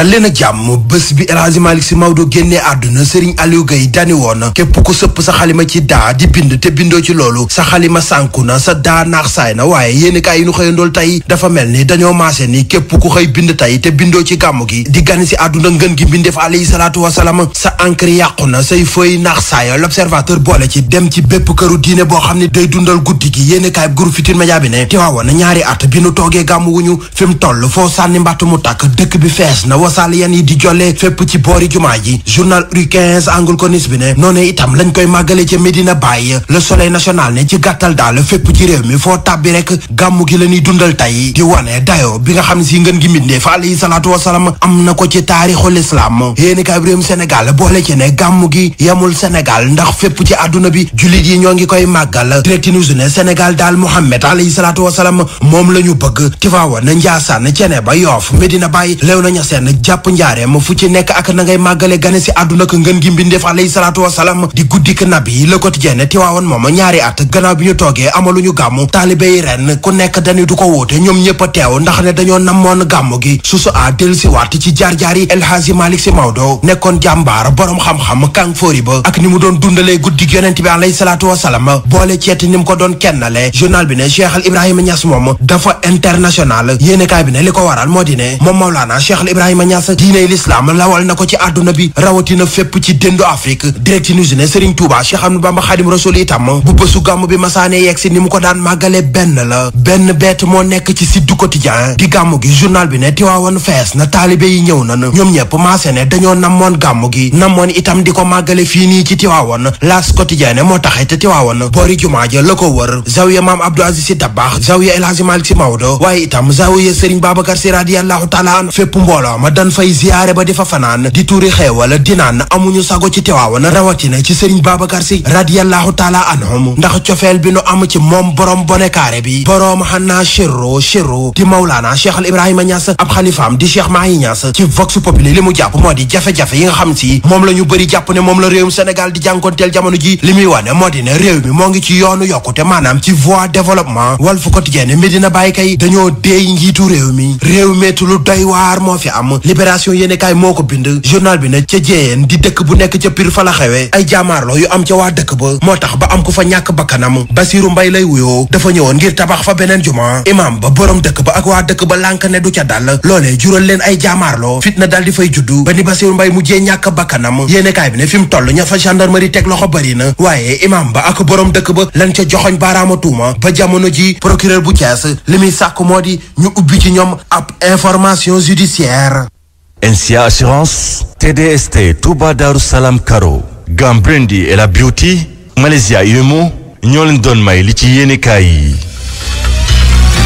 dal leen a jàmm bés bi El Hadj Malick Sy Maodo génnee àdduna Serigne Aliou Gueye dani woon képp ku sëpp sa xalima ci daa di bind te bindoo ci loolu sa xalima sànku na sa daa naax saay na waaye yéeni kaay yi nu xëyandool tey dafa mel ni dañoo maase ni képp ku xëy bind tey te bindoo ci gàmmu gi di gane si àdduna ngën gi mbindeef alayhi salaatu wasalaam sa encre yàqu na say feuille naax saaya l'observateur boole ci dem ci bépp këru diine boo xam ne day dundal guddi gi yéeni kaay groupe Futurs Médias bi ne na ñaari at bi nu toogee gàmmu wuñu fi mu toll foo sànni mbàtt mu tàkk dëkk bi fees mosaliyen yi di jolle fépp ci boori jumaa ji journal rue 15 angle corniche bi ne noonee itam lañ koy màggale ca Medina Baye le soleil national ne ci gàttal daal fépp ci réew mi foo tàbbi rek gàmmu gi la ñuy dundal tey di wane dayo bi nga xam ne si ngeen gi mbindee fa alayhi salaatu wasalaam am na ko ci taarixul islam yéeni kaay réewum Sénégal boole ci ne gàmmu gi yamul Sénégal ndax fépp ci àdduna bi jullit yi ñoo ngi koy màggal direct news ne Sénégal daal Mouhamed alayhi salaatu wasalaam moom la ñu bëgg Tivaouane Ndiassane Thiénaba Yoff Medina Baye Léona Niassène Sénégal jàpp njaareem fu ci nekk ak na ngay màggale gane si àdduna ko ngën gi mbindeef alayhi salaatu wasalaam di guddik nabi Le Quotidien Tiwaawan moom ñaari at gannaaw yi ren du ko wóote ñoom ñëpp a teew ndax ne dañoo namoon gàmmu gi susu a dellusiwaat ci jaar-jaar yi El Hadji Malick Sy moom dafa international yéene kaay Ibrahima Niass diiney lislaam lawal na ko ci àdduna bi rawatina fépp ci déndu Afrique direct news ne Serigne Touba Cheikh Ahmadou Bamba Khadim Rasoul itam bu bésu gàmm bi masaane yegg ni mu ko daan màggale benn la benn bett moo nekk ci Sud Quotidien di gàmm gi journal bi ne Tiwaawan fees na taalibe yi ñëw na ñoom ñëpp maase ne dañoo namoon gàmm gi namoon itam di ko màggale fii nii ci Tiwaawan L'As Quotidien ne moo taxee te boori jumaa ja la ko wër zawiya maam Abdou Aziz Sy Dabakh zawiya El Hadji Malick Sy Maodo waaye itam zawiya Serigne dan fay ziyaare ba di fa fanaan di tuuri xeewal di naan amuñu sago ci Tiwaawan rawatina ci sëriñ Babacar Si radiyallahu taala anhum ndax cofeel bi nu am ci moom boroom bonekaare bi boroom xanaa shirro shirro di Mawlaana Cheikh al Ibrahima Niass ab xalifaam di Cheikh Mahi Niass ci Vox Populi li mu jàpp moo di jafe-jafe yi nga xam si moom la ñu bëri jàpp ne moom la réewum Sénégal di jànkoonteel jamono ji li muy wane moo di ne réew mi moo ngi ci yoonu yokkute maanaam ci voie développement Walf Quotidien Medina Baye kay dañoo déey njiitu réew mi réew meetu lu doy waar moo libération yéenekaay moo ko bind journal bi ne ca Jéyeen di dëkk bu nekk ca piir fa la xewee ay jaamaarloo yu am ca waa dëkk ba moo tax ba am ko fa ñàkk bakkanam Basiiru Mbay lay wuyoo dafa ñëwoon ngir tabax fa beneen juma imaam ba boroom dëkk ba ak waa dëkk ba lànk ne du ca dal loolee jural leen ay jaamaarloo fitna dal di fay juddu ba ni Basiiru Mbay mujjee ñàkk bakkanam yéenekaay bi fi mu toll ña fa gendarmerie teg loxo bari na waaye imaam ba ak boroom dëkk ba lañ ca joxoñ baaraama tuuma ba jamono ji procureur bu Thiès li muy sàkk moo di ñu ubbi ci ñoom ab information judiciaire NCA Assurance, TDST Touba Darou Salam Karo Gambrendi et la Beauty Malaysia Yumo ñoo leen doon may li ci yéenekaay yi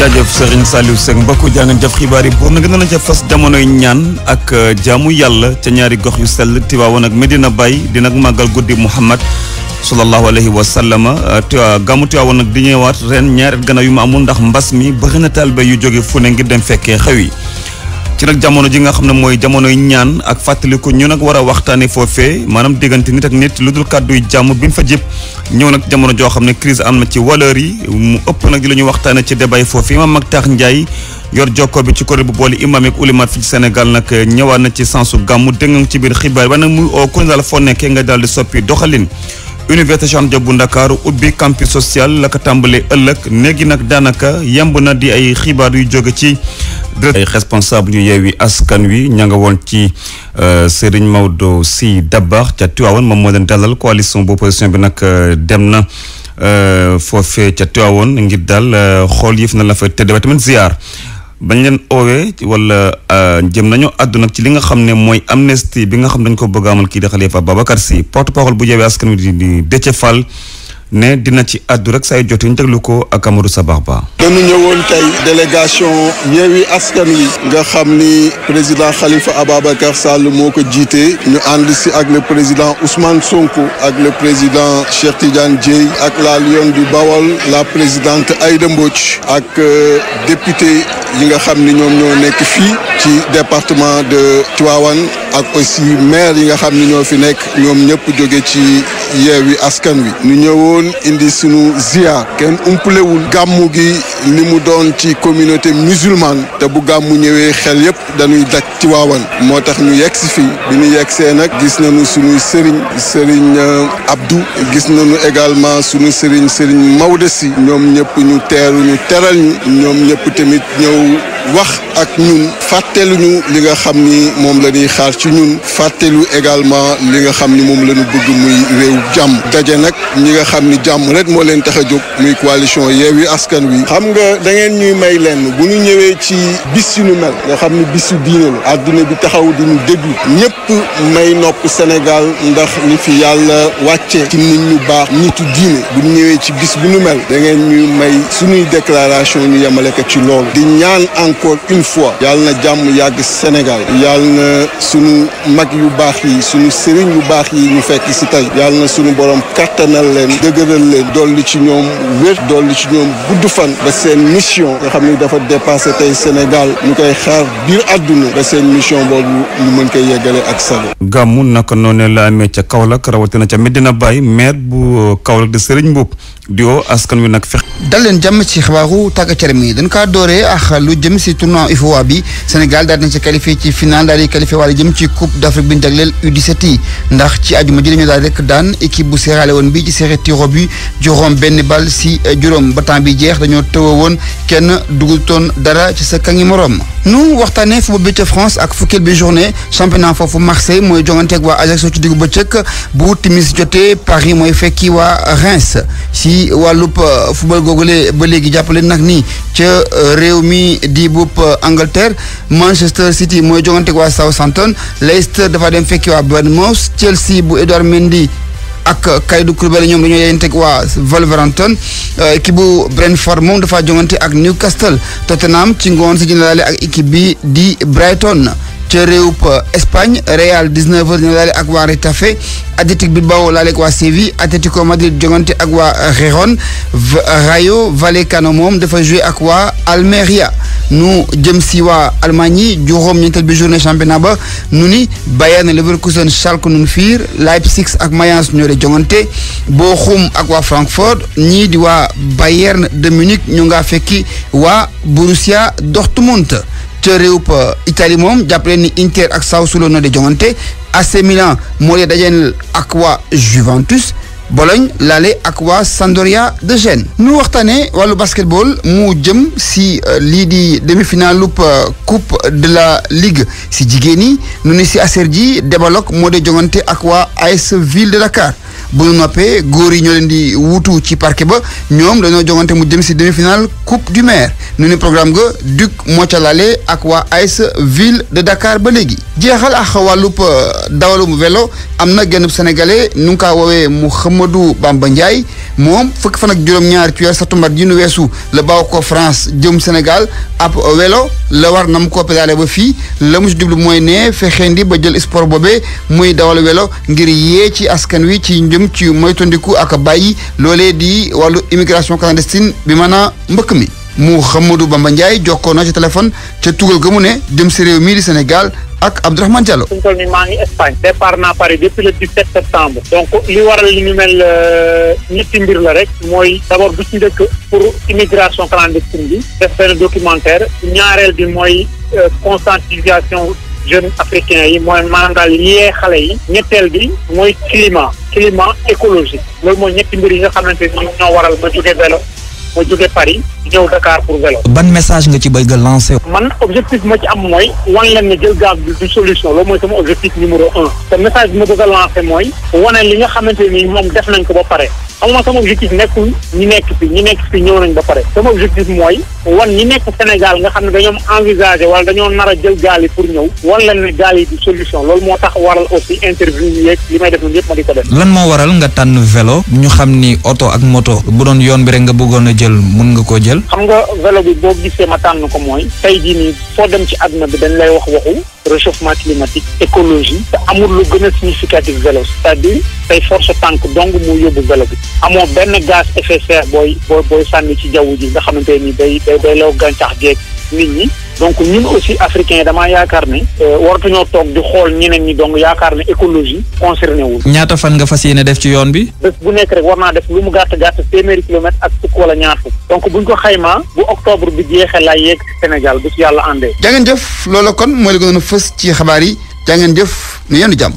jaajëf Serigne Saliou Seck mbokku jaa ngeen xibaar yi buur na gën jaf ca fas jamonoy ñaan ak euh, jaamu yàlla ca ñaari gox yu sell Tivaouane ak Medina Baye dina màggal guddi Muhammad sallallahu alayhi wa sallam euh, euh, gàmmu Tivaouane nag di ñëwaat ren ñaari gannaaw yu mu amul ndax mbas mi bëri na taalibe yu jóge fu ne ngir dem fekkee xew yi ci nag jamono ji nga xam ne mooy jamonoy ñaan ak fàttaliku ñu nag war a waxtaane foofee maanaam diggante nit ak nit lu dul kàdduy jàmm bi mu fa jëp ñëw nag jamono joo xam ne crise am na ci valeur yi mu ëpp nag di la ñu waxtaane ci débat foofee imaam Mactar Ndiaye yor jokkoo bi ci kuréel bu boole imaam ak ulimaat fi ci Sénégal nag ñëwaat na ci sensu gàmmu dégg nga ci biir xibaar ba nag muy oo kuréel daal foo nekkee nga daal di soppi doxalin université Cheikh Ndakaaru ubbi campus social la ko tàmbalee ëllëg léegi nag daanaka yemb na di ay xibaar yu jóge ci ay responsable yu Yewwi Askan Wi ña nga woon ci euh, Serigne si Sy Dabakh ca Tivaouane moom moo leen dalal coalition bu opposition bi nag euh, dem na euh, foofee ca Tivaouane ngir daal xool yëf na la fa tëdd waaye tamit bañ leen oowee wala euh, jëm nañu àdduna ci li nga xam ne mooy amnistie bi nga xam dañ ko bëgg amal kii di Khalifa Babacar Sy porte-parole bu Yewwi Askan Wi di Déthié Fall ne dina ci àddu rek say jot ñu déglu ko ak Amadou Sabax Ba. dañu ñëwoon tey délégation Yewwi Askan Wi nga xam ni président Khalifa Ababacar Sall moo ko jiite ñu ànd si ak le président Ousmane Sonko ak le président Cheikh Tidiane Dièye ak la lionne du Bawol la présidente Aïda Mbodj ak euh, député yi nga xam ni ñoom ñoo nekk fii. ci département de Tivaouane ak aussi maire yi nga xam ni ñoo fi nekk ñoom ñëpp jóge ci Yewwi Askan Wi ñu ñëwoon indi suñu ziar kenn umpalewul gàmmu gi li mu doon ci communauté musulmane te bu gàmmu ñëwee xel yëpp dañuy daj Tivaouane moo tax ñu yegg si fii bi ñu yegg see nag gis na nañu sunu sëriñ sëriñ euh, Abdou gis nañu également sunu sëriñ sëriñ Maodo si ñoom ñëpp ñu teeru ñu teral ñu ñoom ñëpp tamit ñëw wax ak ñun fàtteluñu li nga xam ni moom la ñuy xaar ci ñun fàttelu également li nga xam ni moom la bëgg muy réew jàmm daje nag ñi nga xam ni jàmm rek moo leen tax a jóg muy coalition Yewwi Askan Wi xam nga dangeen ñuy may lenn bu ñu ñëwee ci bis yu ñu mel nga xam ni bisu diine la adduna bi taxaw di ñu déglu ñëpp may nopp Sénégal ndax ñu fi yàlla wàcce ci nit ñu baax nitu diine bu ñu ñëwee ci bis bu ñu mel da ngeen ñuy may suñuy déclaration ñu yemale ci loolu encore une fois yàlla na jàmm yàgg Sénégal yàlla na sunu mag yu baax yi sunu sëriñ yu baax yi ñu fekk si tey yàlla na sunu borom kattanal leen dëgëral leen dolli ci ñoom wér dolli ci ñoom gudd fan ba seen mission nga xam ni dafa dépassé tey Sénégal ñu koy xaar biir àdduna ba seen mission boobu ñu mën koy yeggale ak sago gàmmu naka noonu la amee ca Kaolack rawatina ca Medina bàyyi maire bu Kaolack de Serigne Mboup di woo askan wi nag fex. dal leen jàmm ci xabaaru tàggat yaram yi dañ kaa doore a lu jëm si tournoi UFOA bi Sénégal daal di nañ si qualifié ci final daal di qualifié wala jëm ci coupe d' Afrique bi ñu jagleel U17 yi ndax ci àjjuma ji dañu daal rek daan équipe bu Sierra Leone bi ci série tiro bi juróom benn bal si eh, juróom ba temps bi jeex dañoo tëwa woon kenn dugutoon dara ci sa kangi moroom. nu waxtaane football bi ca France ak fukkeel bi journée championnat foofu Marseille mooy jonganteeg waa Ajaccio ci diggu bëccëg bu timis jotee Paris mooy fekki waa Reims. si wàllub euh, football googule ba léegi jàppale nag ni ca euh, réew mi di bupp euh, Angleterre Manchester City mooy jongante waa Southampton Leicester dafa dem fekki waa Bournemouth Chelsea bu Edouard Mendy ak Kalidou Koulibaly ñoom dañoo yeen teg waa Wolverhampton équipe bu Brentford moom dafa jongante ak Newcastle Tottenham ci ngoon si jëndalaale ak équipe bi di Brighton ca réewum Espagne Real 19h dina laale ak waa Retafe Athletic Bilbao laaleeg waa Séville Atlético Madrid jongante ak waa Gérone Rayo Vallecano moom dafa joué ak waa Almeria nu jëm si waa Allemagne yi juróom-ñeenteel bi journée championnat ba nu ni Bayern Leverkusen Schalke nun fiir Leipzig ak Mayence ñoo de jongante Bochum ak waa Francfort ñii di waa Bayern de Munich ñu nga fekki waa Borussia Dortmund. ca réewum Italie moom jàppale ni Inter ak saw ñoo di joŋante AC Milan moo di dajeel ak waa Juventus. Bologne laale ak waa Sampdoria de Gênes nu waxtaanee wàllu basketball mu jëm si euh, lii di demi lup euh, coupe de la ligue si jigéen ñi nu ni si aser ji débalok moo de jongante ak waa AS Ville de Dakar bu ñu noppee góor yi ñoo leen di wutu ci parke ba ñoom dañoo jongante mu jëm si demi-finale coupe du maire nu ni programme ga Duc moo ca laale ak waa AS Ville de Dakar ba léegi jeexal ak wàllub euh, dawalum welo am na genn Sénégalais nu ngi kaa mu xëm Amadou Bamba Ndiaye moom fukki fan ak juróom-ñaar ci weer satumbar weesu la baaw ko France jëm Sénégal ab welo la war na mu ba fii la mu si jublu mooy ne fexeendi ba jël sport boobee muy dawal welo ngir yee ci askan wi ci njëm ci moytandiku ak bàyyi loolee di wàllu immigration clandestine bi maanaam mbëkk mi mu Mouhamadou Bamba Ndiaye jokkoo na ci téléphone ca tugal ga mu ne jëm si réew mii Sénégal ak Abdourahmane Diallo. fi mu toll maa ngi Espagne. départ naa Paris depuis le 17 septembre. donc li waral li ñu mel euh, ñetti mbir la rek. mooy d'abord bu ci njëkk pour immigration clandestine bi. def benn documentaire. ñaareel bi mooy euh, conscientisation jeunes africains yi mooy maanaam daal yee xale yi. ñetteel bi mooy climat. climat écologique. loolu mooy ñetti mbir yi nga xamante ni ñoo waral ma jóge Paris ñëw Dakar pour vélo. ban message nga ci bëgg a lancer. man objectif ma ci am mooy wan leen ne jël gaz bi du solution loolu mooy sama objectif numéro un. te message bi ma bëgg a lancer mooy wane li nga xamante nii moom def nañ ko ba pare xam nga sama objectif nekkul ñi nekk fi ñi nekk fi ñëw nañ ba pare sama objectif mooy wan ñi nekk Sénégal nga xam ne dañoo envisagé wala dañoo nar a jël gaal yi pour ñëw wan leen ne gaal yi di solution loolu moo tax waral aussi interview yi yeeg li may def ñun yëpp ma di ko def. lan moo waral nga tànn vélo ñu xam ni oto ak moto bu doon yoon bi rek nga bëggoon a jël mun nga koo jël. xam nga vélo bi boo gisee ma tànn ko mooy tey jii nii foo dem ci àdduna bi dañ lay wax waxu réchauffement climatique écologie amul lu gën a significatif vélo c'est-à-dire force tànk dong moo yóbbu vélo bi amoo benn gaz effet de serre booy booy sànni ci jaww ji nga xamante ni day bay day law gàncax geeg nit ñi donc ñun aussi africains yi damaa yaakaar ne euh, waratuñoo toog di xool ñeneen ñi donc yaakaar ne écologie concerné wul ñaata fan nga fas yéene def ci yoon bi bés bu nekk rek war naa def lu mu gàtt gàtt téeméeri kilomètre ak fukk wala ñaar fukk donc buñ ko xaymaa bu octobre bi jeexee laay yegg Sénégal bu ci yàlla àndee jàngeen jëf loola kon mooy la gënoon a fës ci xabaar yi jàngeen jëf ne yenn jàmm